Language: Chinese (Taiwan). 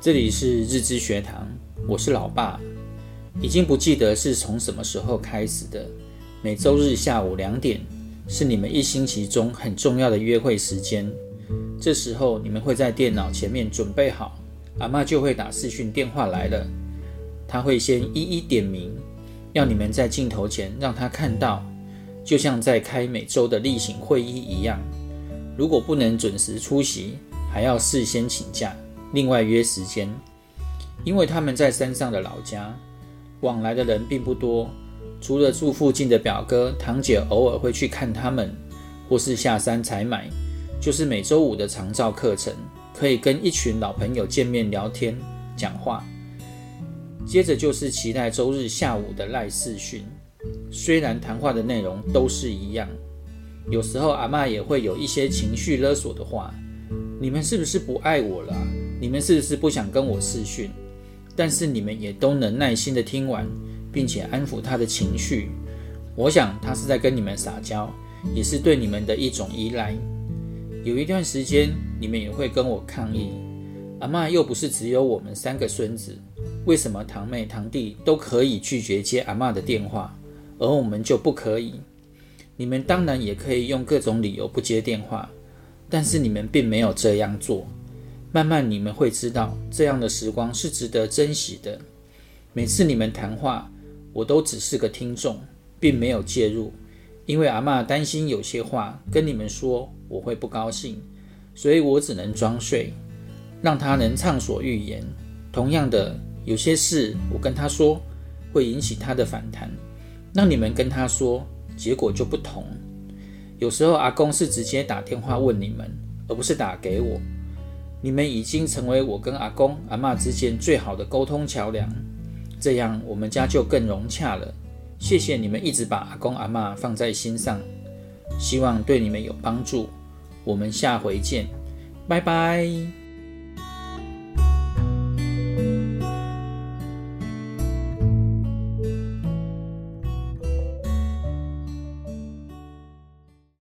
這裡是日之學堂，我是老爸。已經不記得是從什麼時候開始的，每週日下午兩點是你們一星期中很重要的約會時間。這時候你們會在電腦前面準備好，阿嬤就會打視訊電話來了。她會先一一點名，要你們在鏡頭前讓她看到，就像在開每週的例行會議一樣。如果不能準時出席，還要事先請假。另外約時間，因為他們在山上的老家，往來的人並不多，除了住附近的表哥、堂姐偶爾會去看他們，或是下山採買，就是每周五的長照課程，可以跟一群老朋友見面聊天、講話。接着就是期待周日下午的 LINE 視訊。雖然談話的內容都是一樣，有時候阿嬤也會有一些情緒勒索的話，你們是不是不愛我了啊？你們是不是不想跟我視訊？但是你們也都能耐心的聽完，並且安撫他的情緒。我想他是在跟你們撒嬌，也是對你們的一種依賴。有一段時間，你們也會跟我抗議：“阿嬤又不是只有我們三個孫子，為什麼堂妹堂弟都可以拒絕接阿嬤的電話，而我們就不可以？”你們當然也可以用各種理由不接電話，但是你們並沒有這樣做。慢慢你們會知道，這樣的時光是值得珍惜的。每次你們談話，我都只是個聽眾，並沒有介入，因為阿嬤擔心有些話跟你們說我會不高興，所以我只能裝睡，讓他能暢所欲言。同樣的，有些事我跟他說會引起他的反彈，那你們跟他說結果就不同。有時候阿公是直接打電話問你們，而不是打給我。你們已經成為我跟阿公、阿嬤之間最好的溝通橋樑，這樣我們家就更融洽了。謝謝你們一直把阿公、阿嬤放在心上，希望對你們有幫助。我們下回見，拜拜。